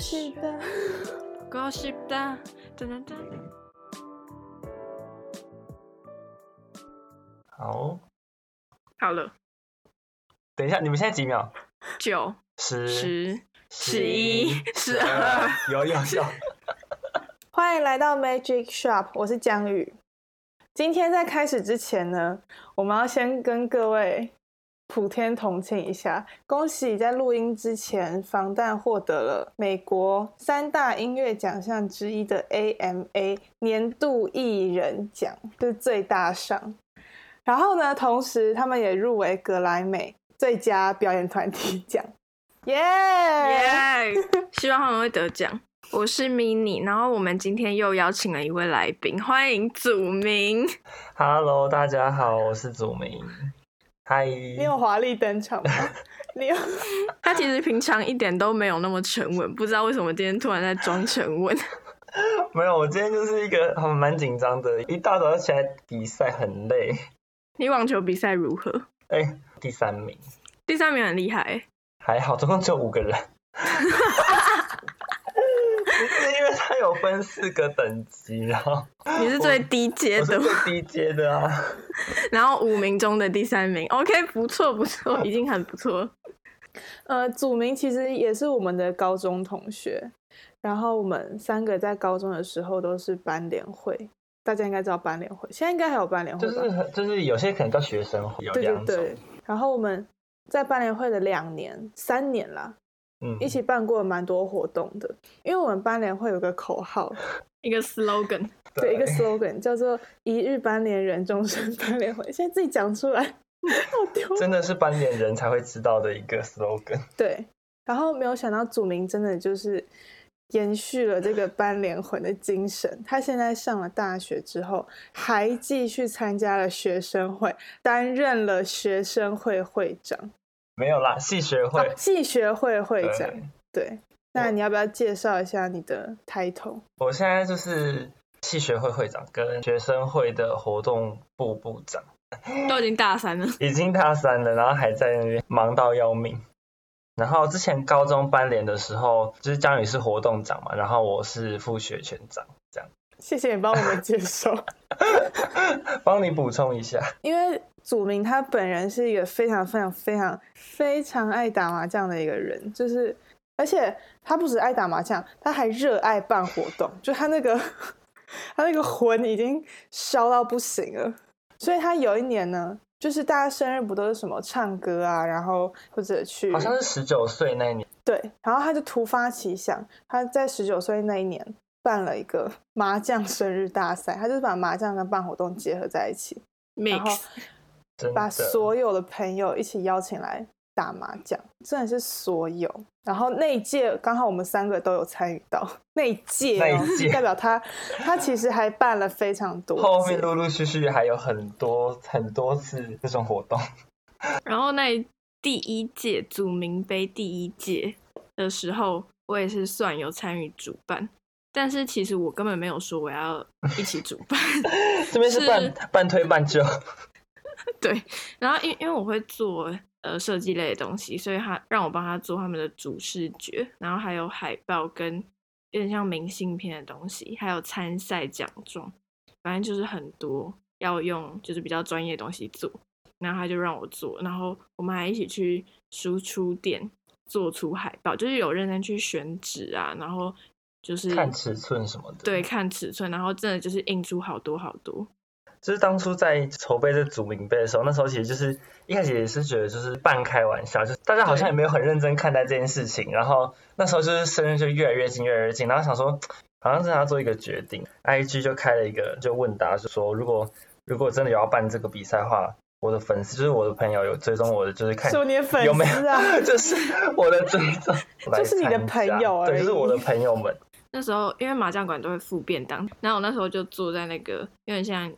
是的， 好，好了，等一下，你們現在幾秒？九十十,十一十二，十二有有，有有 歡迎來到 Magic Shop，我是姜予。今天在開始之前呢，我們要先跟各位。普天同慶一下，恭喜，在錄音之前，防彈獲得了美國三大音樂獎項之一的 AMA 年度藝人獎，就是最大賞。然後呢，同時他們也入圍格萊美最佳表演團體獎。耶耶！希望他們會得獎。 我是 Mini，然後我們今天又邀請了一位來賓，歡迎祖民。Hello，大家好，我是祖民。嗨，Hi 你有華麗登場嗎？ 你有？他其實平常一點都沒有那麼沉穩，不知道為什麼今天突然在裝沉穩。 沒有，我今天就是一個還蠻緊張的，一大早就起來比賽很累。你網球比賽如何？哎、欸，第三名。第三名很厲害。還好，總共只有五個人。 他有分四個等級，然後你是最低階的嗎？最低階的啊。 然後五名中的第三名，OK，不錯不錯，已經很不錯。 呃，祖民其實也是我們的高中同學，然後我們三個在高中的時候都是班聯會，大家應該知道班聯會，現在應該還有班聯會吧，就是就是有些可能叫學生會，有對對對。然後我們在班聯會的兩年，三年啦。一起辦過蠻多活動的，因為我們班聯會有個口號， 一個 slogan，對，對，一個 slogan 叫做“一日班聯人終身班聯魂”。現在自己講出來，好丟。真的是班聯人才會知道的一個 slogan。對，然後沒有想到祖民真的就是延續了這個班聯魂的精神。他現在上了大學之後，還繼續參加了學生會，擔任了學生會會長。沒有啦，系學會，啊，系學會會長，對，對，那你要不要介紹一下你的 title？我現在就是系學會會長跟學生會的活動部部長，都已經大三了，已經大三了，然後還在那邊忙到要命。然後之前高中班聯的時候，就是姜予是活動長嘛，然後我是副學權長，這樣。謝謝你幫我們介紹， 幫你補充一下，因為。祖民他本人是一個非常非常非常非常愛打麻將的一個人，就是，而且他不止愛打麻將，他還熱愛辦活動，就他那個他那個魂已經燒到不行了。所以他有一年呢，就是大家生日不都是什麼唱歌啊，然後或者去，好像是十九歲那一年，對，然後他就突發奇想，他在十九歲那一年辦了一個麻將生日大賽，他就是把麻將跟辦活動結合在一起，然後。把所有的朋友一起邀請來打麻將，真的是所有。然後那一屆剛好我們三個都有參與到那一屆、喔、 代表他，他其實還辦了非常多。 後面陸陸續續還有很多很多次這種活動。然後那第一屆祖民杯第一屆的時候，我也是算有參與主辦，但是其實我根本沒有說我要一起主辦， 這邊是半是半推半就。對，然後因因為我會做呃設計類的東西，所以他讓我幫他做他們的主視覺，然後還有海報跟有點像明信片的東西，還有參賽獎狀，反正就是很多要用就是比較專業的東西做，然後他就讓我做，然後我們還一起去輸出店做出海報，就是有認真去選紙啊，然後就是看尺寸什麼的，對，看尺寸，然後真的就是印出好多好多。就是當初在籌備這個祖民盃的時候，那時候其實就是一開始也是覺得就是半開玩笑，就大家好像也沒有很認真看待這件事情。對然後那時候就是生日就越來越近，越來越近，然後想說好像是他做一個決定。IG 就開了一個就問答，就說如果如果真的有要辦這個比賽的話，我的粉絲就是我的朋友有追蹤我的就是看有沒有啊， 就是我的追 就是你的朋友啊，對，就是我的朋友們。 那時候因為麻將館都會付便當，然後我那時候就住在那個因為像。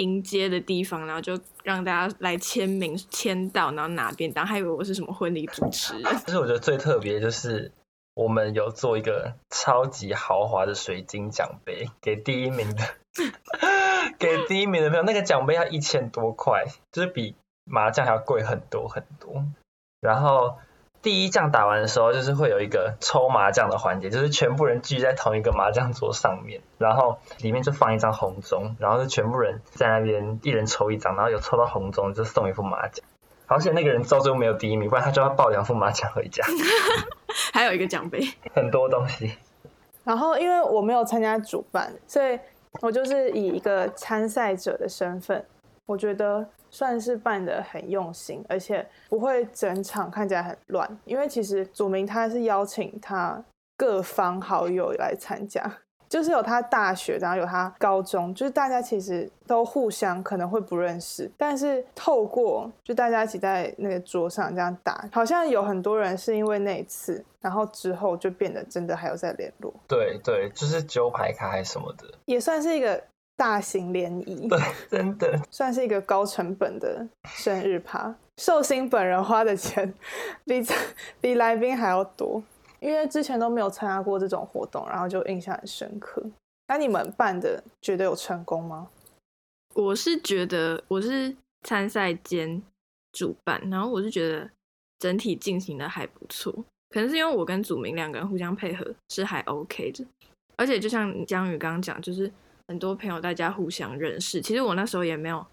迎接的地方，然後就讓大家來簽名簽到，然後拿便當，還以為我是什麼婚禮主持。其實我覺得最特別就是，我們有做一個超級豪華的水晶獎杯給第一名的， 給第一名的朋友， 那個獎杯要一千多塊，就是比麻將還要貴很多很多。然後。第一仗打完的時候，就是會有一個抽麻將的環節，就是全部人聚在同一個麻將桌上面，然後裡面就放一張紅中，然後是全部人在那邊一人抽一張，然後有抽到紅中就送一副麻將，而且那個人到最後沒有第一名，不然他就要抱兩副麻將回家， 還有一個獎杯，很多東西。然後因為我沒有參加主辦，所以我就是以一個參賽者的身份，我覺得。算是辦得很用心，而且不會整場看起來很亂。因為其實祖民他是邀請他各方好友來參加，就是有他大學，然後有他高中，就是大家其實都互相可能會不認識，但是透過就大家一起在那個桌上這樣打，好像有很多人是因為那一次，然後之後就變得真的還有在聯絡。對對，就是揪牌卡還是什麼的，也算是一個。大型聯誼，真的算是一個高成本的生日趴。壽星本人花的錢比比來賓還要多，因為之前都沒有參加過這種活動，然後就印象很深刻。那你們辦的覺得有成功嗎？我是覺得我是參賽兼主辦，然後我是覺得整體進行的還不錯。可能是因為我跟祖民兩個人互相配合是還 OK 的，而且就像姜予剛剛講，就是。很多朋友，大家互相認識。其實我那時候也沒有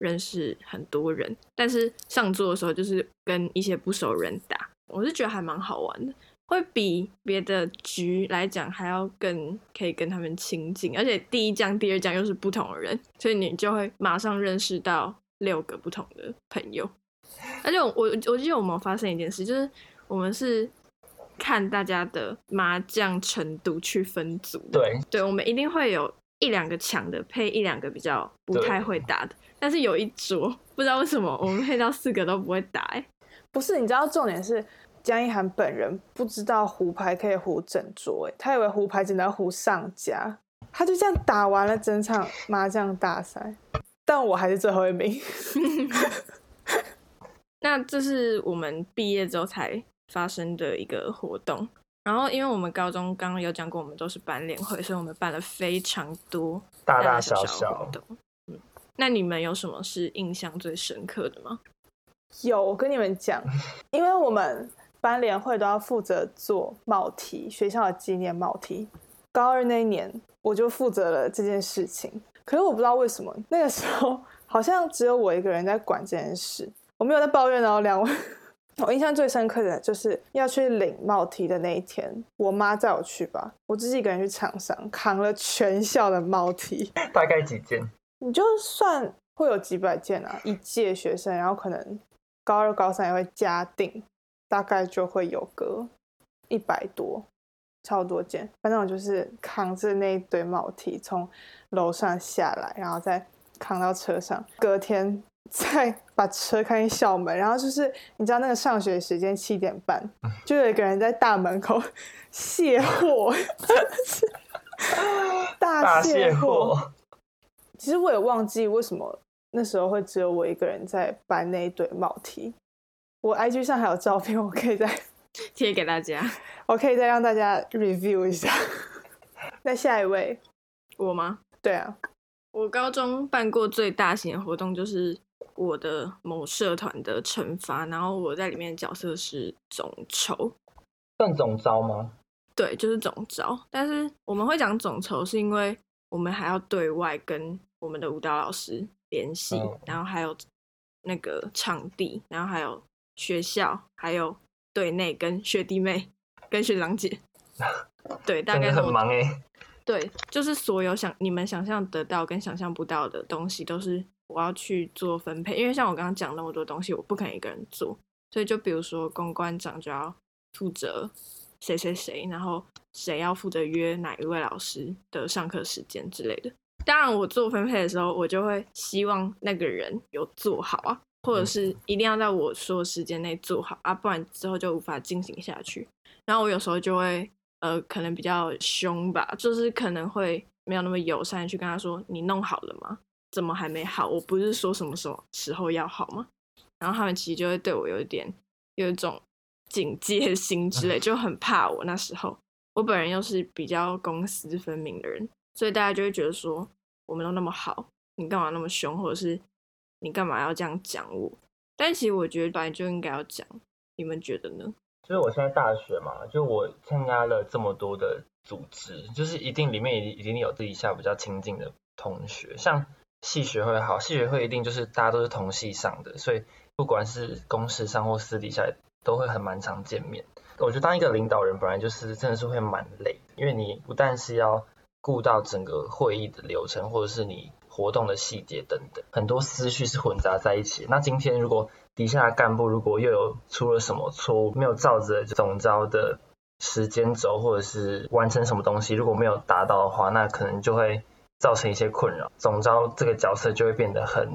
認識很多人，但是上座的時候就是跟一些不熟人打，我是覺得還蠻好玩的，會比別的局來講還要更可以跟他們親近。而且第一將、第二將又是不同的人，所以你就會馬上認識到六個不同的朋友。而且我我，我記得我們發生一件事，就是我們是看大家的麻將程度去分組的。對，對，我們一定會有。一兩個強的配一兩個比較不太會打的，對但是有一桌不知道為什麼我們配到四個都不會打，欸。不是，你知道重點是江一涵本人不知道胡牌可以胡整桌，欸，他以為胡牌只能胡上家，他就這樣打完了整場麻將大賽。但我還是最後一名。 那這是我們畢業之後才發生的一個活動。然後，因為我們高中剛剛有講過，我們都是班聯會，所以我們辦了非常多小小大大小小的。嗯，那你們有什麼是印象最深刻的嗎？有，我跟你們講，因為我們班聯會都要負責做帽 T、學校的紀念帽 T。高二那一年，我就負責了這件事情。可是我不知道為什麼，那個時候好像只有我一個人在管這件事，我沒有在抱怨哦，然後兩位。我印象最深刻的就是要去領帽 T 的那一天，我媽載我去吧，我自己一個人去廠商扛了全校的帽 T，大概幾件？你就算會有幾百件啊，一屆學生，然後可能高二、高三也會加訂，大概就會有個一百多，超多件。反正我就是扛着那一堆帽 T 從樓上下來，然後再扛到車上，隔天，在把車開進校門，然後就是你知道那個上學時間七點半，就有一個人在大門口卸貨， 大卸貨。其實我也忘記為什麼那時候會只有我一個人在搬那一堆帽 T。我 IG 上還有照片，我可以再貼給大家，我可以再讓大家 review 一下。 那下一位，我嗎？對啊，我高中辦過最大型的活動就是。我的某社團的成發，然後我在裡面的角色是總籌，算總召嗎？對，就是總召。但是我們會講總籌，是因為我們還要對外跟我們的舞蹈老師聯繫，嗯、然後還有那個場地，然後還有學校，還有對內跟學弟妹、跟學長姐。對，大概很忙哎。對，就是所有想你們想象得到跟想象不到的東西，都是。我要去做分配，因為像我剛剛講那麼多東西，我不可能一個人做，所以就比如說公關長就要負責誰誰誰，然後誰要負責約哪一位老師的上課時間之類的。當然，我做分配的時候，我就會希望那個人有做好啊，或者是一定要在我說的時間內做好啊，不然之後就無法進行下去。然後我有時候就會呃，可能比較凶吧，就是可能會沒有那麼友善去跟他說：“你弄好了嗎？”怎麼還沒好？我不是說什麼什麼時候要好嗎？然後他們其實就會對我有一點有一種警戒心之類，就很怕我。那時候我本人又是比較公私分明的人，所以大家就會覺得說，我們都那麼好，你幹嘛那麼凶，或者是你幹嘛要這樣講我？但其實我覺得本來就應該要講，你們覺得呢？就是我現在大學嘛，就我參加了這麼多的組織，就是一定裡面已經有自己比較親近的同學，像。系學會好，系學會一定就是大家都是同系上的，所以不管是公事上或私底下都會很蠻常見面。我覺得當一個領導人本來就是真的是會蠻累的，因為你不但是要顧到整個會議的流程，或者是你活動的細節等等，很多思緒是混雜在一起。那今天如果底下的幹部如果又有出了什麼錯誤，沒有照着總召的時間軸或者是完成什麼東西，如果沒有達到的話，那可能就會。造成一些困擾，總之，這個角色就會變得很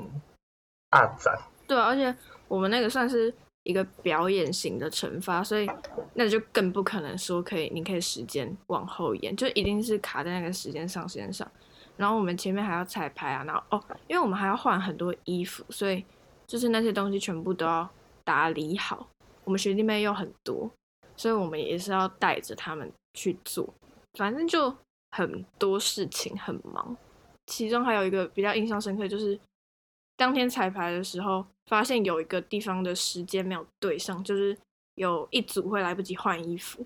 阿展。對啊，而且我們那個算是一個表演型的懲罰，所以那就更不可能說可以，你可以時間往後延，就一定是卡在那個時間上時間上。然後我們前面還要彩排啊，然後哦，因為我們還要換很多衣服，所以就是那些東西全部都要打理好。我們學弟妹又很多，所以我們也是要帶着他們去做，反正就。很多事情很忙，其中還有一個比較印象深刻，就是當天彩排的時候，發現有一個地方的時間沒有對上，就是有一組會來不及換衣服，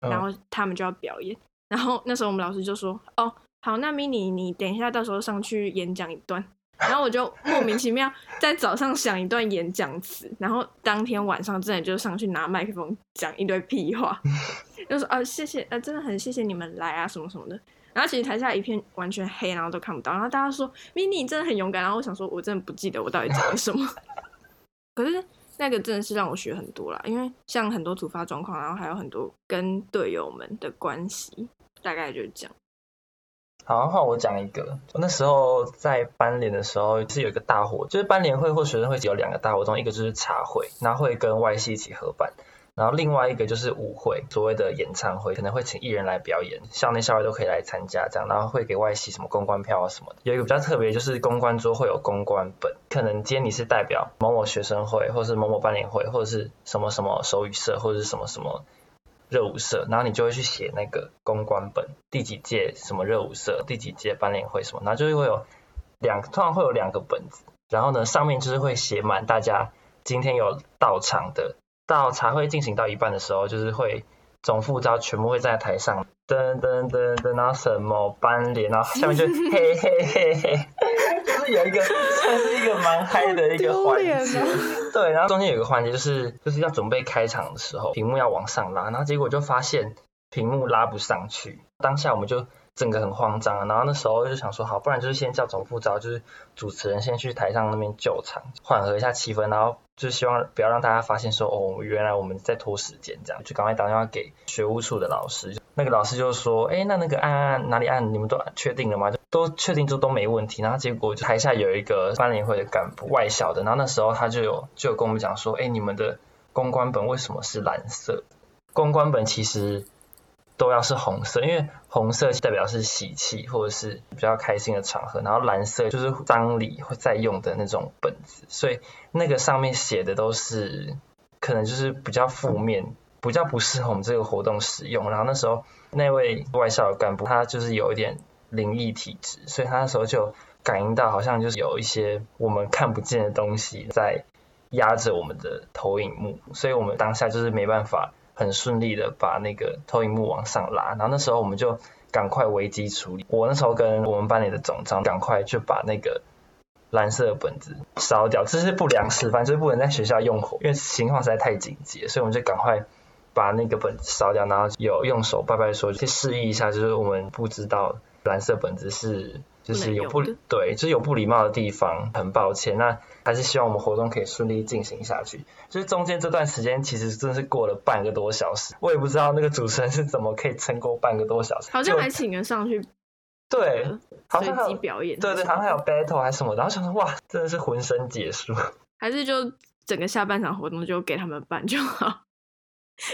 然後他們就要表演，然後那時候我們老師就說：“哦，好，那 Mini 你等一下，到時候上去演講一段。”然後我就莫名其妙在早上想一段演講詞，然後當天晚上真的就上去拿麥克風講一堆屁話，就說啊，謝謝啊，真的很謝謝你們來啊什麼什麼的。然後其實台下一片完全黑，然後都看不到。然後大家說 mini 你真的很勇敢。然後我想說，我真的不記得我到底講了什麼。可是那個真的是讓我學很多啦，因為像很多突發狀況，然後還有很多跟隊友們的關係，大概就這樣。好，換我講一個。我那時候在班聯的時候，是有一個大活，就是班聯會或學生會只有兩個大活動，一個就是茶會，然後會跟外系一起合辦；然後另外一個就是舞會，所謂的演唱會，可能會請藝人來表演，校內校外都可以來參加這樣，然後會給外系什麼公關票啊什麼的。有一個比較特別，就是公關桌會有公關本，可能今天你是代表某某學生會，或是某某班聯會，或者是什麼什麼手語社，或者是什麼什麼。熱舞社，然後你就會去寫那個公關本，第幾屆什麼熱舞社，第幾屆班聯會什麼，然後就會有兩，通常會有兩個本子，然後呢，上面就是會寫滿大家今天有到場的，到茶會進行到一半的時候，就是會總副招全部會站在台上，噔噔噔噔，然後什麼班聯啊，然後下面就 嘿嘿嘿嘿。是 有一個，算是一個蠻嗨的一個環節，對，然後中間有一個環節就是就是要準備開場的時候，屏幕要往上拉，然後結果就發現屏幕拉不上去，當下我們就整個很慌張，然後那時候就想說好，不然就是先叫總副召，就是主持人先去台上那邊救場，緩和一下氣氛，然後就希望不要讓大家發現說哦，原來我們在拖時間這樣，就趕快打電話給學務處的老師。那個老師就說：“哎、欸，那那個按按哪裡按？你們都確定了嗎？就都確定，就都沒問題。”然後結果就台下有一個班聯會的幹部，外校的。然後那時候他就有就有跟我們講說：“哎、欸，你們的公關本為什麼是藍色？公關本其實都要是紅色，因為紅色代表是喜氣或者是比較開心的場合，然後藍色就是葬禮會在用的那種本子，所以那個上面寫的都是可能就是比較負面。”比較不適合我們這個活動使用。然後那時候那位外校的幹部他就是有一點靈異體質，所以他那時候就感應到好像就是有一些我們看不見的東西在壓着我們的投影幕，所以我們當下就是沒辦法很順利的把那個投影幕往上拉。然後那時候我們就趕快危機處理。我那時候跟我們班裡的總長趕快就把那個藍色的本子燒掉，這是不良示範，就是不能在學校用火，因為情況實在太緊急，所以我們就趕快。把那個本子燒掉，然後有用手拜拜說去示意一下，就是我們不知道藍色本子是就是有不，不對，就是有不禮貌的地方，很抱歉。那還是希望我們活動可以順利進行下去。就是中間這段時間其實真的是過了半個多小時，我也不知道那個主持人是怎麼可以撐過半個多小時，好像還請了上去，對，好像還有表演是不是，對對，好像還有 battle 還是什麼，然後想說哇，真的是渾身解數，還是就整個下半場活動就給他們辦就好。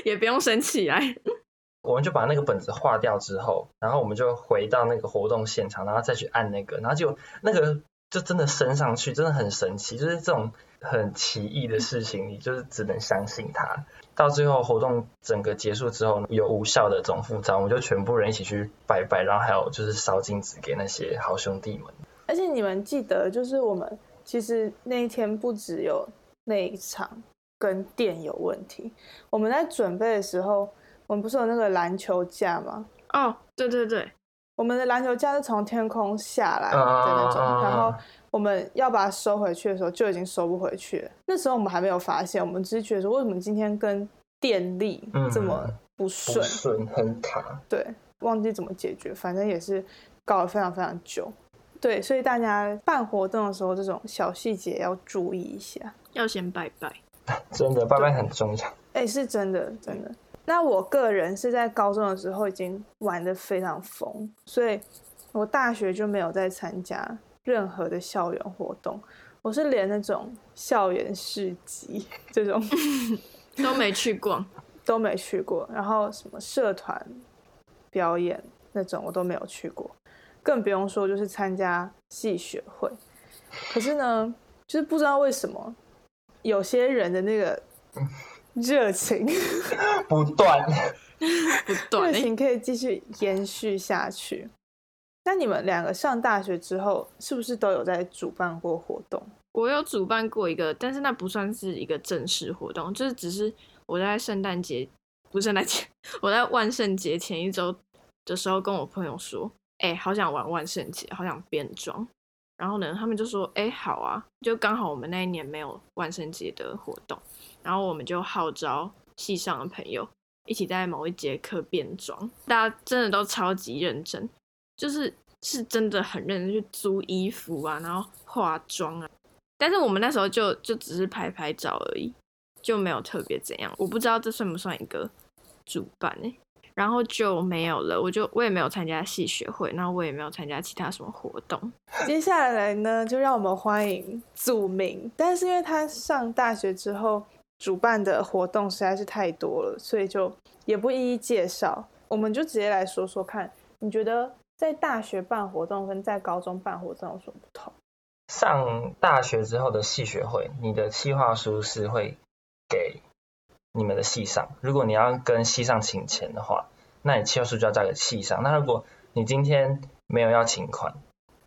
也不用生氣，來， 我們就把那個本子劃掉之後，然後我們就回到那個活動現場，然後再去按那個，然後就那個就真的升上去，真的很神奇，就是這種很奇異的事情，嗯、你就是只能相信它。到最後活動整個結束之後，有無效的總負責，我們就全部人一起去拜拜，然後還有就是燒金紙給那些好兄弟們。而且你們記得，就是我們其實那一天不只有那一場。跟電有問題，我們在準備的時候，我們不是有那個籃球架嗎？哦，對對對，我們的籃球架是從天空下來的那種，啊、然後我們要把它收回去的時候，就已經收不回去了。那時候我們還沒有發現，我們只是覺得說為什麼今天跟電力這麼不順，嗯、不順很卡。對，忘記怎麼解決，反正也是搞了非常非常久。對，所以大家辦活動的時候，這種小細節要注意一下，要先拜拜。真的，拜拜很重要。哎、欸，是真的，真的。那我個人是在高中的時候已經玩得非常瘋，所以，我大學就沒有再參加任何的校園活動。我是連那種校園市集這種都沒去過， 都沒去過。然後什麼社團表演那種我都沒有去過，更不用說就是參加系學會。可是呢，就是不知道為什麼。有些人的那個熱情不斷，不斷熱情可以繼續延續下去。那你們兩個上大學之後，是不是都有在主辦過活動？我有主辦過一個，但是那不算是一個正式活動，就是只是我在聖誕節，不是聖誕節，我在萬聖節前一周的時候，跟我朋友說：“哎、欸，好想玩萬聖節，好想變裝。”然後呢，他們就說：“哎、欸，好啊，就剛好我們那一年沒有萬聖節的活動，然後我們就號召系上的朋友一起在某一節課變裝，大家真的都超級認真，就是是真的很認真去租衣服啊，然後化妝啊。但是我們那時候就就只是拍拍照而已，就沒有特別怎樣。我不知道這算不算一個主辦呢？”然後就沒有了，我就我也沒有參加系學會，然後我也沒有參加其他什麼活動。接下來呢，就讓我們歡迎祖民，但是因為他上大學之後主辦的活動實在是太多了，所以就也不一一介紹，我們就直接來說說看，你覺得在大學辦活動跟在高中辦活動有什麼不同？上大學之後的系學會，你的企劃書是會給？你們的系上，如果你要跟系上請錢的話，那你企劃書就要交給系上。那如果你今天沒有要請款，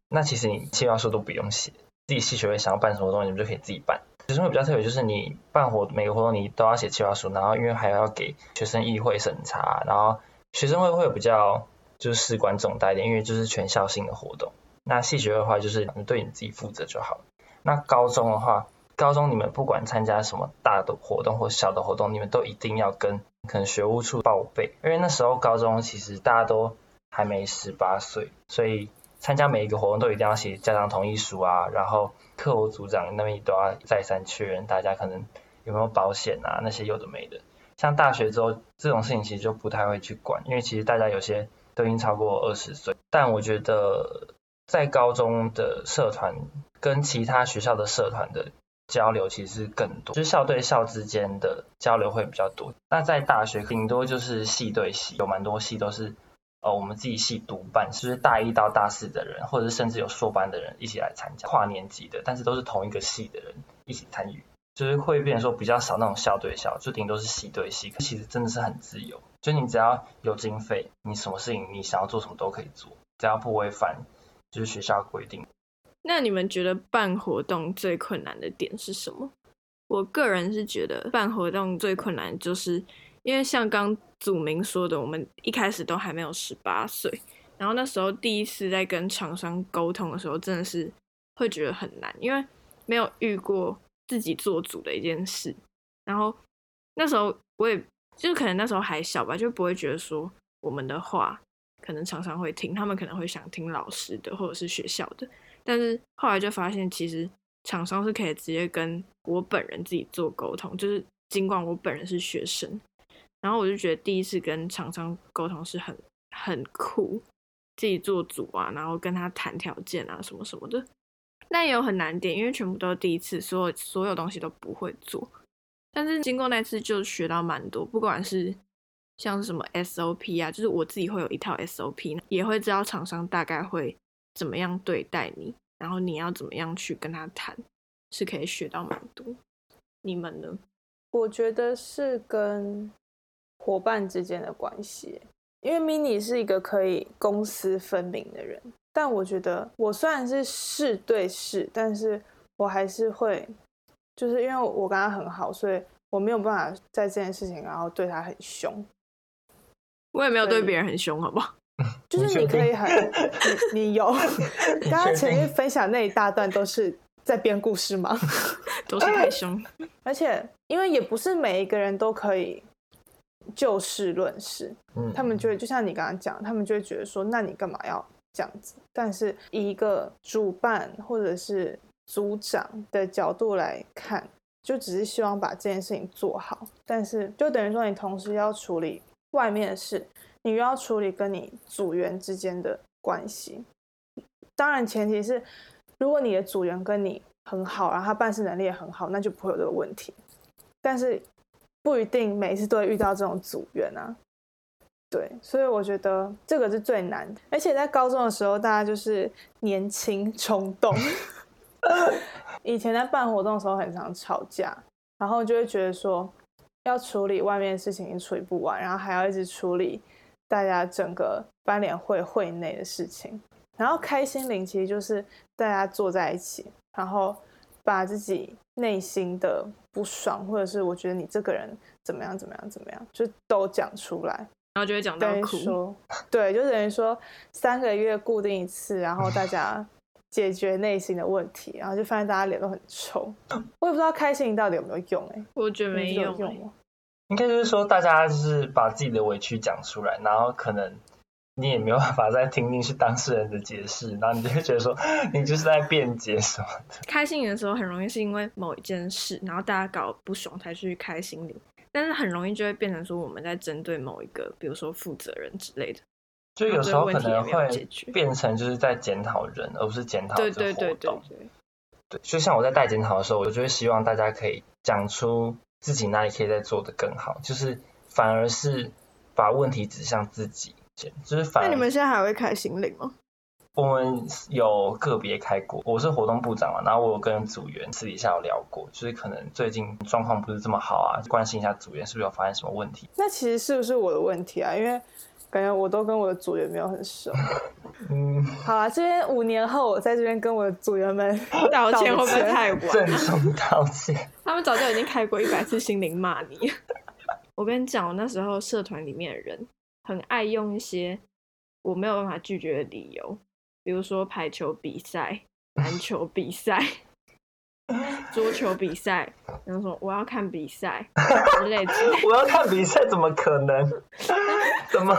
那其實你企劃書都不用寫。自己系學會想要辦什麼東西，你們就可以自己辦。學生會比較特別就是你辦活動，每個活動你都要寫企劃書，然後因為還要給學生議會審查，然後學生會會比較就是事關重大一點，因為就是全校性的活動。那系學會的話就是對你自己負責就好。那高中的話。高中你們不管參加什麼大的活動或小的活動，你們都一定要跟可能學務處報備，因為那時候高中其實大家都還沒十八歲，所以參加每一個活動都一定要寫家長同意書啊，然後課後組長那邊都要再三確認，大家可能有沒有保險啊，那些有的沒的。像大學之後這種事情其實就不太會去管，因為其實大家有些都已經超過二十歲。但我覺得在高中的社團跟其他學校的社團的交流其實更多，就是校對校之間的交流會比較多。那在大學，頂多就是系對系，有蠻多系都是，呃，我們自己系獨辦，就是大一到大四的人，或者是甚至有碩班的人一起來參加跨年級的，但是都是同一個系的人一起參與，就是會變成說比較少那種校對校，就頂多是系對系。可其實真的是很自由，就你只要有經費，你什麼事情你想要做什麼都可以做，只要不違反就是學校規定。那你們覺得辦活動最困難的點是什麼？我個人是覺得辦活動最困難，就是因為像剛祖民說的，我們一開始都還沒有十八歲，然後那時候第一次在跟廠商溝通的時候，真的是會覺得很難，因為沒有遇過自己做主的一件事。然後那時候我也就是可能那時候還小吧，就不會覺得說我們的話可能廠商會聽，他們可能會想聽老師的或者是學校的。但是後來就發現，其實廠商是可以直接跟我本人自己做溝通。就是儘管我本人是學生，然後我就覺得第一次跟廠商溝通是很很酷，自己做主啊，然後跟他談條件啊什麼什麼的。那也有很難點，因為全部都是第一次，所有所有東西都不會做。但是經過那次就學到蠻多，不管是像是什麼 SOP 啊，就是我自己會有一套 SOP，也會知道廠商大概會。怎麼樣對待你，然後你要怎麼樣去跟他談，是可以學到蠻多。你們呢？我覺得是跟夥伴之間的關係，因為 MINI 是一個可以公私分明的人。但我覺得我雖然是事對事，但是我還是會，就是因為我跟他很好，所以我沒有辦法在這件事情然後對他很兇。我也沒有對別人很兇，以好不好？就是你可以很，你有剛剛 前面分享那一大段都是在編故事嗎？都是太兇， 而且因為也不是每一個人都可以就事論事，嗯，他們就會就像你剛剛講，他們就會覺得說，那你幹嘛要這樣子？但是以一個主辦或者是組長的角度來看，就只是希望把這件事情做好，但是就等於說你同時要處理外面的事。你又要處理跟你組員之間的關係，當然前提是，如果你的組員跟你很好，然後他辦事能力也很好，那就不會有這個問題。但是不一定每一次都會遇到這種組員啊。對，所以我覺得這個是最難的。而且在高中的時候，大家就是年輕衝動， 以前在辦活動的時候很常吵架，然後就會覺得說要處理外面的事情已經處理不完，然後還要一直處理。大家整個班聯會會內的事情，然後開心靈其實就是大家坐在一起，然後把自己內心的不爽，或者是我覺得你這個人怎麼樣怎麼樣怎麼樣，就都講出來，然後就會講到哭說。對，就等於說三個月固定一次，然後大家解決內心的問題，然後就發現大家臉都很臭。嗯、我也不知道開心靈到底有沒有用、欸，哎，我覺得沒有用。應該就是說，大家就是把自己的委屈講出來，然後可能你也沒有辦法再聽聽是當事人的解釋，然後你就會覺得說你就是在辯解什麼的。 開心的時候很容易是因為某一件事，然後大家搞不爽才去開心領，但是很容易就會變成說我們在針對某一個，比如說負責人之類的，就有時候可能會變成就是在檢討人，而不是檢討。對，對對對對對，對，就像我在帶檢討的時候，我就會希望大家可以講出。自己哪裡可以再做得更好？就是反而是把問題指向自己，就是反。那你們現在還會開行李嗎？我們有個別開過，我是活動部長嘛，然後我有跟組員私底下有聊過，就是可能最近狀況不是這麼好啊，關心一下組員是不是有發現什麼問題。那其實是不是我的問題啊？因為感覺我都跟我的組員沒有很熟。 嗯，好啊，這邊五年後我在這邊跟我的組員們道歉，會不會太晚？道歉，鄭重道歉。他們早就已經開過一百次心靈罵你了。 我跟你講，我那時候社團裡面的人很愛用一些我沒有辦法拒絕的理由，比如說排球比賽、籃球比賽。 桌球比賽，然後說我要看比賽，之類。我要看比賽，怎麼可能？怎麼？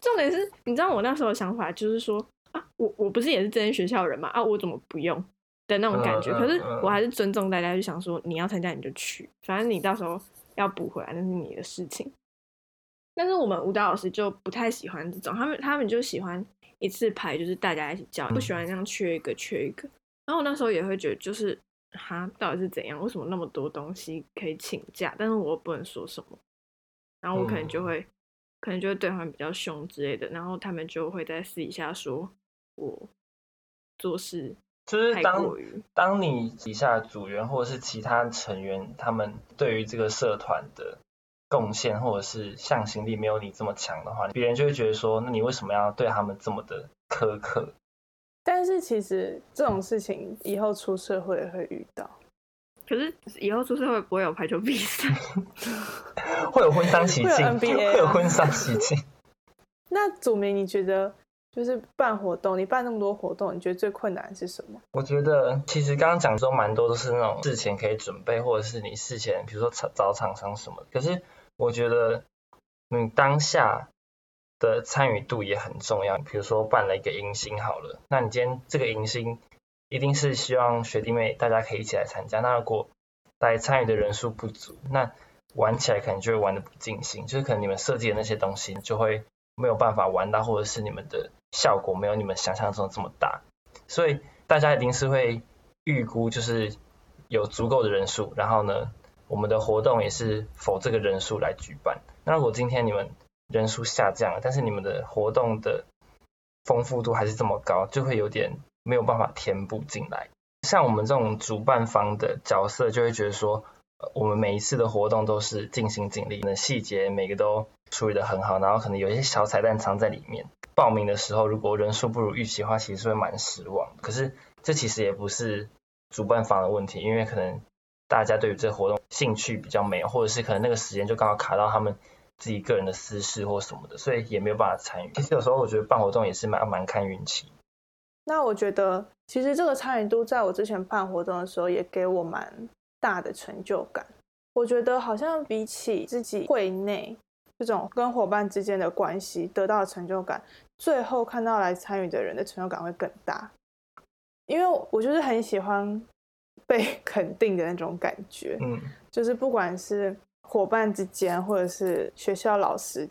重點是，你知道我那時候的想法就是說啊，我我不是也是這間學校人嘛啊，我怎麼不用的那種感覺？可是我還是尊重大家，就想說你要參加你就去，反正你到時候要補回來那是你的事情。但是我們舞蹈老師就不太喜歡這種，他們他們就喜歡一次排就是大家一起教，不喜歡這樣缺一個缺一個。然後我那時候也會覺得就是。他到底是怎樣？為什麼那麼多東西可以請假，但是我又不能說什麼？然後我可能就會，嗯、可能就會對他們比較兇之類的，然後他們就會在私底下說我做事就是太過於。當當你底下的組員或者是其他成員，他們對於這個社團的貢獻或者是向心力沒有你這麼強的話，別人就會覺得說，那你為什麼要對他們這麼的苛刻？但是其實這種事情以後出社會也會遇到，可是以後出社會不會有排球比賽，會有婚喪喜慶，會有婚喪喜慶。那祖民，你覺得就是辦活動，你辦那麼多活動，你覺得最困難的是什麼？我覺得其實剛剛講說蠻多都是那種事前可以準備，或者是你事前比如說找廠商什麼。可是我覺得嗯當下，的參與度也很重要。比如說辦了一個迎新，好了，那你今天這個迎新一定是希望學弟妹大家可以一起來參加。那如果來參與的人數不足，那玩起來可能就會玩得不盡興，就是可能你們設計的那些東西就會沒有辦法玩到，或者是你們的效果沒有你們想象中這麼大。所以大家一定是會預估，就是有足夠的人數，然後呢，我們的活動也是 for 這個人數來舉辦。那如果今天你們。人數下降了，但是你們的活動的豐富度還是這麼高，就會有點沒有辦法填補進來。像我們這種主辦方的角色，就會覺得說，呃，我們每一次的活動都是盡心盡力，可能細節每個都處理得很好，然後可能有一些小彩蛋藏在裡面。報名的時候如果人數不如預期的話，其實是會蠻失望。可是這其實也不是主辦方的問題，因為可能大家對於這個活動興趣比較沒有，或者是可能那個時間就剛好卡到他們。自己個人的私事或什麼的，所以也沒有辦法參與。其實有時候我覺得辦活動也是蠻蠻看運氣。那我覺得其實這個參與度，在我之前辦活動的時候，也給我蠻大的成就感。我覺得好像比起自己會內這種跟伙伴之間的關係得到的成就感，最後看到來參與的人的成就感會更大。因為我就是很喜歡被肯定的那種感覺，嗯，就是不管是。夥伴之間，或者是學校老師，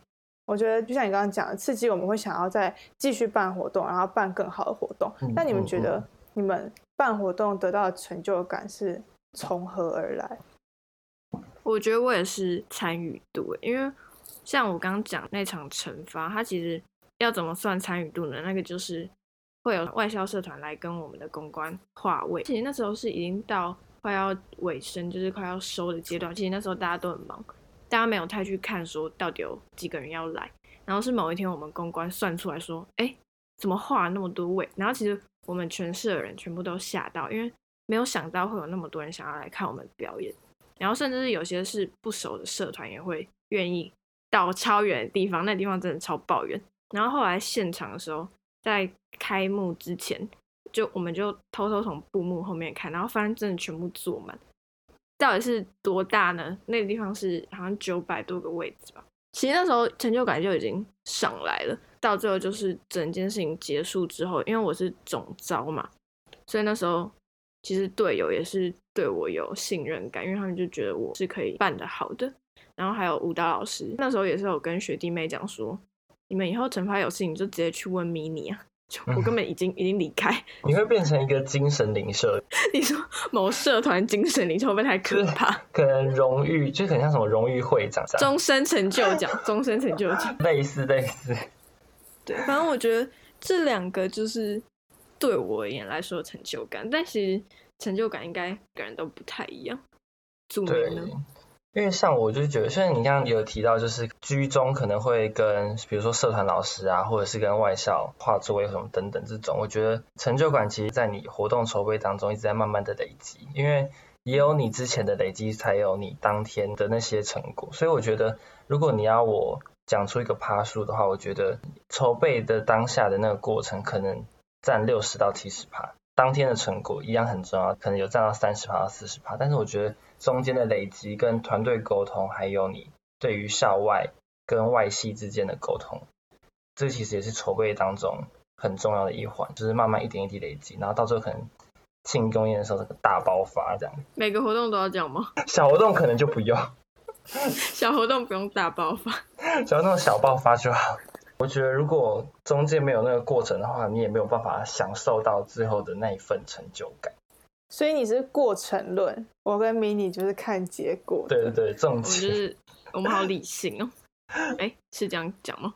我覺得就像你剛剛講的，刺激我們會想要再繼續辦活動，然後辦更好的活動。那、嗯、你們覺得你們辦活動得到的成就感是從何而來？我覺得我也是參與度，因為像我剛剛講那場懲罰，它其實要怎麼算參與度呢？那個就是會有外校社團來跟我們的公關劃位，其實那時候是已經到。快要尾聲，就是快要收的階段。其實那時候大家都很忙，大家沒有太去看說到底有幾個人要來。然後是某一天，我們公關算出來說，哎、欸，怎麼畫了那麼多位？然後其實我們全社的人全部都嚇到，因為沒有想到會有那麼多人想要來看我們表演。然後甚至是有些是不熟的社團也會願意到超遠的地方，那個、地方真的超抱怨。然後後來現場的時候，在開幕之前。就我們就偷偷從布幕後面看，然後發現真的全部坐滿，到底是多大呢？那個地方是好像九百多個位置吧。其實那時候成就感就已經上來了。到最後就是整件事情結束之後，因為我是總召嘛，所以那時候其實隊友也是對我有信任感，因為他們就覺得我是可以辦得好的。然後還有舞蹈老師，那時候也是有跟學弟妹講說，你們以後懲罰有事情就直接去問迷你啊。我根本已經、嗯、已經離開，你會變成一個精神領袖。 你說某社團精神領袖會不會太可怕？可能榮譽，就很像什麼榮譽會長、終身成就獎、終身、哎、成就獎，類似類似。對，反正我覺得這兩個就是對我而言來說成就感，但其實成就感應該每人都不太一樣，祖民呢？因為像我就覺得，雖然你剛剛有提到，就是居中可能會跟比如說社團老師啊，或者是跟外校畫作有什麼等等這種，我覺得成就感其實，在你活動籌備當中一直在慢慢的累積，因為也有你之前的累積，才有你當天的那些成果。所以我覺得，如果你要我講出一個趴數的話，我覺得籌備的當下的那個過程可能占六十到七十趴，當天的成果一樣很重要，可能有占到三十趴到四十趴，但是我覺得。中間的累積、跟團隊溝通，還有你對於校外跟外系之間的溝通，這其實也是籌備當中很重要的一環，就是慢慢一點一滴累積，然後到最後可能慶功宴的時候這個大爆發，這樣。每個活動都要這樣嗎？小活動可能就不用， 小活動不用大爆發，只要那種小爆發就好。我覺得如果中間沒有那個過程的話，你也沒有辦法享受到最後的那一份成就感。所以你是過程論，我跟 Mini 就是看結果。對對，對對，這種就是我們好理性哦、喔。哎、欸，是這樣講嗎？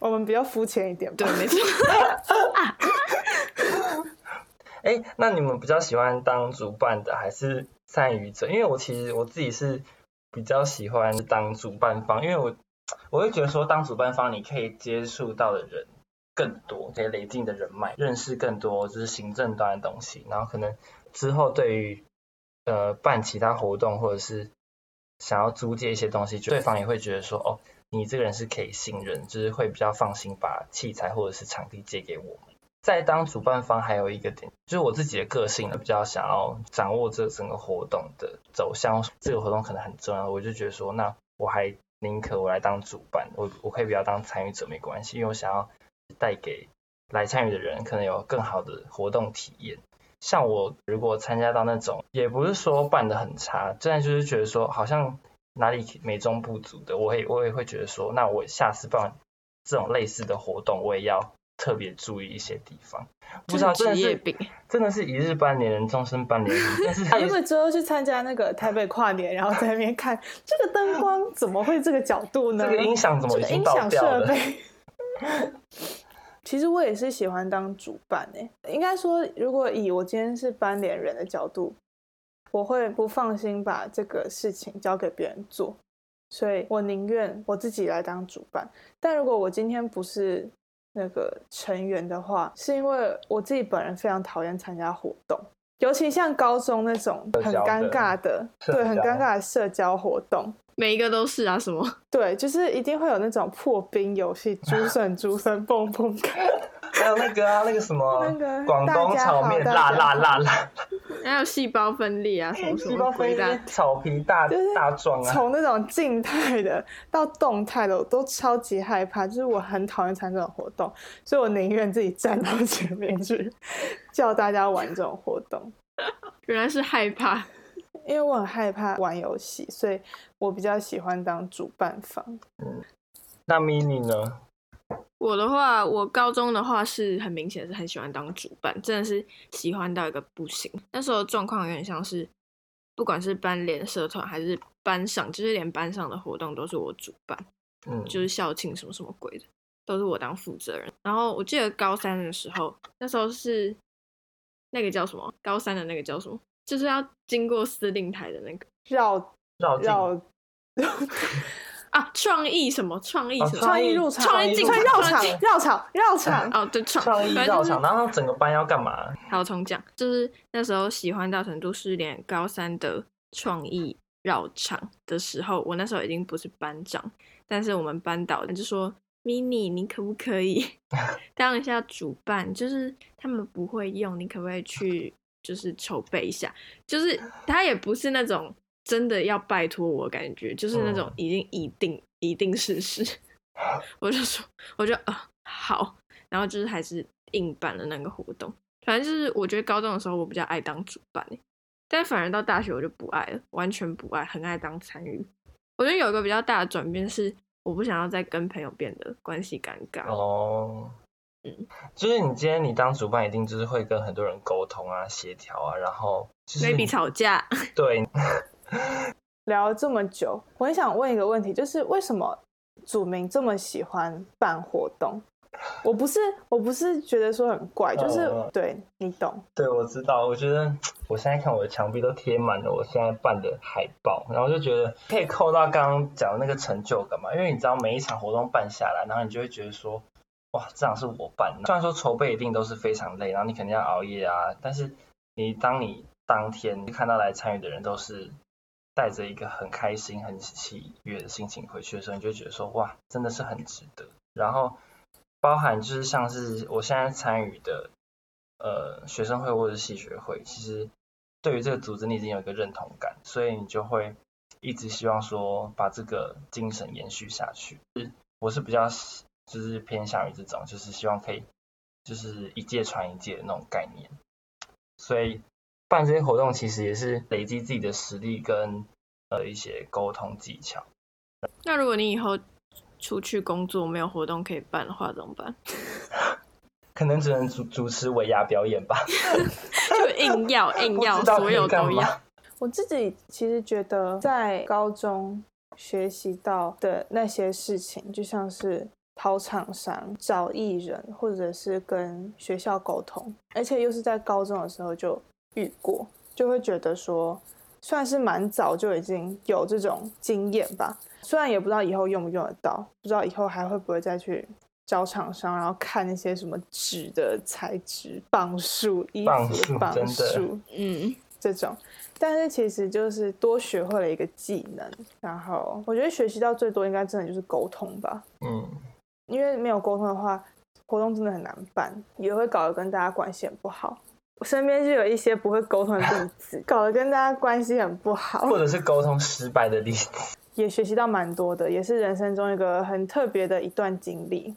我們比較膚淺一點。對，沒錯。哎、 啊欸，那你們比較喜歡當主辦的，還是參與者？因為我其實我自己是比較喜歡當主辦方，因為我我會覺得說，當主辦方你可以接觸到的人更多，可以累積的人脈，認識更多，就是行政端的東西，然後可能。之後對於呃辦其他活動或者是想要租借一些東西，對方也會覺得說哦，你這個人是可以信任，就是會比較放心把器材或者是場地借給我們。在當主辦方還有一個點，就是我自己的個性呢，比較想要掌握這整個活動的走向。這個活動可能很重要，我就覺得說，那我還寧可我來當主辦，我我可以不要當參與者沒關係，因為我想要帶給來參與的人可能有更好的活動體驗。像我如果參加到那種，也不是說辦得很差，真的就是覺得說好像哪裡美中不足的，我也我也會覺得說，那我下次辦這種類似的活動，我也要特別注意一些地方。就是職業病真的是一日班聯人終身班聯魂。我準備之後去參加那個台北跨年，然後在那邊看 這個燈光怎麼會這個角度呢？這個音響怎麼就音響設備？ 其實我也是喜歡當主辦誒，應該說，如果以我今天是班聯人的角度，我會不放心把這個事情交給別人做，所以我寧願我自己來當主辦。但如果我今天不是那個成員的話，是因為我自己本人非常討厭參加活動，尤其像高中那種很尷尬的，的對，很尷尬的社交活動。每一個都是啊，什麼？對，就是一定會有那種破冰遊戲，竹筍竹筍蹦蹦，還有那個啊，那個什麼，那個廣東炒面辣辣辣辣，還有細胞分裂啊，什麼什麼飛的、欸、草皮大、就是、大壯啊，從那種靜態的到動態的，我都超級害怕，就是我很討厭參加這種活動，所以我寧願自己站到前面去叫大家玩這種活動，原來是害怕。因為我很害怕玩遊戲，所以我比較喜歡當主辦方。嗯，那 Mini 呢？我的話，我高中的話是很明顯是很喜歡當主辦，真的是喜歡到一個不行。那時候狀況有點像是，不管是班聯社團還是班上，就是連班上的活動都是我主辦，嗯，就是校慶什麼什麼鬼的都是我當負責人。然後我記得高三的時候，那時候是那個叫什麼？高三的那個叫什麼？就是要經過司令台的那個要要境啊！創意什麼創意什麼？創意、哦、創意入場？創意進場？繞場？繞場？繞場、啊？哦，對，創意繞場。就是、然後整個班要幹嘛？好，重講就是那時候喜歡到程度是連高三的創意繞場的時候，我那時候已經不是班長，但是我們班導就說：“Mini， 你可不可以當一下主辦？就是他們不會用，你可不可以去？”就是籌備一下，就是他也不是那種真的要拜託我感覺，就是那種已經一定、嗯、一定是事實 我就說，我就、呃、好，然後就是還是硬辦了那個活動。反正就是我覺得高中的時候我比較愛當主辦，但反而到大學我就不愛了，完全不愛，很愛當參與。我覺得有一個比較大的轉變是，我不想要再跟朋友變得關係尷尬。哦。嗯，就是你今天你當主辦，一定就是會跟很多人溝通啊、協調啊，然後就是 Maybe 吵架。對， 聊了這麼久，我很想問一個問題，就是為什麼祖民這麼喜歡辦活動？ 我不是我不是覺得說很怪，就是、嗯、對你懂？對，我知道。我覺得我現在看我的牆壁都貼滿了我現在辦的海報，然後就覺得可以扣到剛剛講的那個成就感嘛，因為你知道每一場活動辦下來，然後你就會覺得說。哇，這樣是我辦的。雖然說籌備一定都是非常累，然後你肯定要熬夜啊，但是你當你當天看到來參與的人都是帶着一個很開心、很喜悅的心情回去的時候，你就覺得說哇，真的是很值得。然後包含就是像是我現在參與的呃學生會或者是系學會，其實對於這個組織你已經有一個認同感，所以你就會一直希望說把這個精神延續下去。我是比較。就是偏向於這種，就是希望可以，就是一屆傳一屆的那種概念。所以辦這些活動其實也是累積自己的實力跟呃一些溝通技巧。那如果你以後出去工作沒有活動可以辦的話，怎麼辦？ 可能只能主主持尾牙表演吧， 就硬要硬要 道所有都要。我自己其實覺得在高中學習到的那些事情，就像是。跑廠商找藝人，或者是跟學校溝通，而且又是在高中的時候就遇過，就會覺得說，算是蠻早就已經有這種經驗吧。雖然也不知道以後用不用得到，不知道以後還會不會再去找廠商，然後看那些什麼紙的材質、磅數、衣服磅數，嗯，這種。但是其實就是多學會了一個技能，然後我覺得學習到最多應該真的就是溝通吧，嗯。因為沒有溝通的話，活動真的很難辦，也會搞得跟大家關係很不好。我身邊就有一些不會溝通的例子， 搞得跟大家關係很不好，或者是溝通失敗的例子， 也學習到蠻多的，也是人生中一個很特別的一段經歷。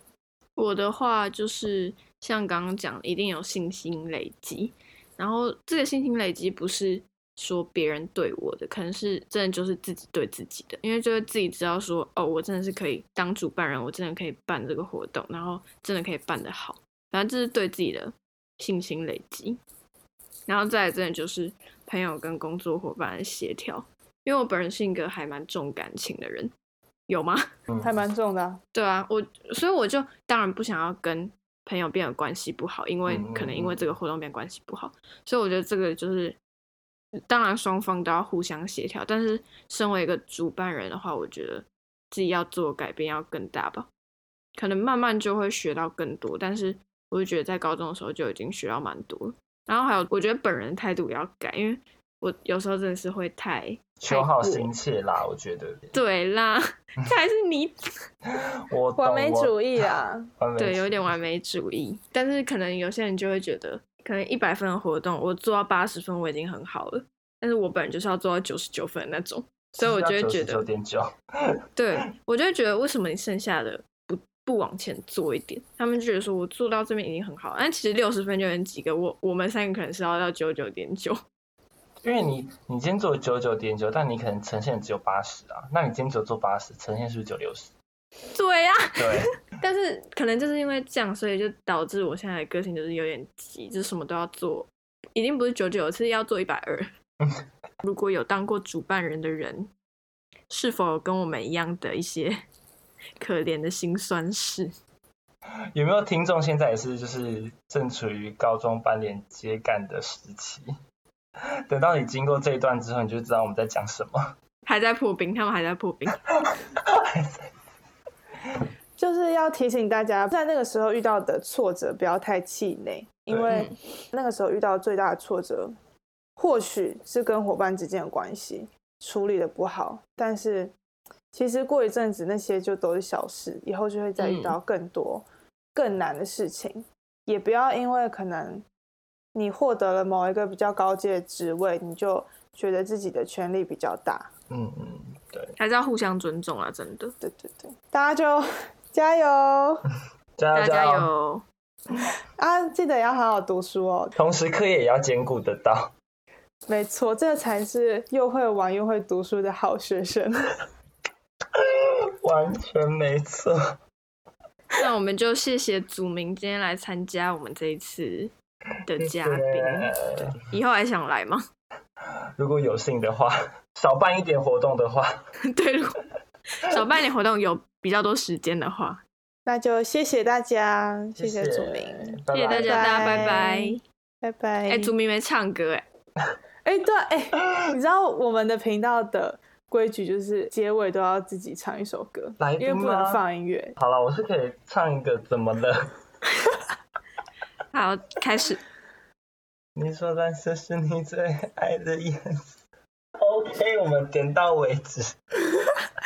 我的話就是像剛剛講，一定有信心累積，然後這個信心累積不是。說別人對我的，可能是真的就是自己對自己的，因為就是自己知道說，哦，我真的是可以當主辦人，我真的可以辦這個活動，然後真的可以辦得好，反正這是對自己的信心累積。然後再來真的就是朋友跟工作夥伴的協調，因為我本人性格還蠻重感情的人，有嗎？還蠻重的， 對啊，我所以我就當然不想要跟朋友變得關係不好，因為可能因為這個活動變得關係不好，所以我覺得這個就是。當然，雙方都要互相協調。但是，身為一個主辦人的話，我覺得自己要做改變要更大吧。可能慢慢就會學到更多。但是，我就覺得在高中的時候就已經學到蠻多了。然後還有，我覺得本人的態度也要改，因為我有時候真的是會太求好心切啦。我覺得對，對啦，但還是你 我懂完美主義啊，啊，完美主義。對，有點完美主義。但是可能有些人就會覺得。可能一百分的活動，我做到八十分，我已經很好了。但是我本人就是要做到九十九分那種，所以我就會覺得九點九。對，我就會覺得為什麼你剩下的不，不往前做一點？他們就覺得說我做到這邊已經很好了，但其實六十分就有幾個，我我們三個可能是要到九十九點九。因為你你今天做九十九點九，但你可能呈現只有八十啊，那你今天只有做八十，呈現是不是只有六十？對呀。對。但是可能就是因為這樣，所以就導致我現在的個性就是有點急，就什麼都要做，一定不是九九，是要做一百二。 如果有當過主辦人的人，是否有跟我們一樣的一些可憐的心酸事？有沒有聽眾現在也是就是正處於高中班聯接幹的時期？等到你經過這一段之後，你就知道我們在講什麼。還在破冰，他們還在破冰。 還在 就是要提醒大家，在那個時候遇到的挫折不要太氣餒，因為那個時候遇到最大的挫折，或許是跟夥伴之間的關係處理的不好。但是其實過一陣子那些就都是小事，以後就會再遇到更多更難的事情。嗯、也不要因為可能你獲得了某一個比較高階的職位，你就覺得自己的權利比較大。嗯嗯，對，還是要互相尊重啊！真的，對對對，大家就。加油！加油！加油！加油啊，記得要好好讀書哦。同時，課業也要兼顧得到。沒錯，這個、才是又會玩又會讀書的好學生。 完全沒錯。 那我們就謝謝祖民今天來參加我們這一次的嘉賓對。以後還想來嗎？如果有幸的話，少辦一點活動的話， 對，如果少辦一點活動有。比較多時間的話，那就謝謝大家，謝謝，謝謝祖民，拜拜，謝謝大家，大家 Bye, 拜拜，拜拜。哎、欸，祖民沒唱歌，哎、 欸，哎對，哎、欸，你知道我們的頻道的規矩就是結尾都要自己唱一首歌，來因為不能放音樂。好了，我是可以唱一個，怎麼了？ 好，開始。 你說藍色是你最愛的顏色 OK，我們點到為止。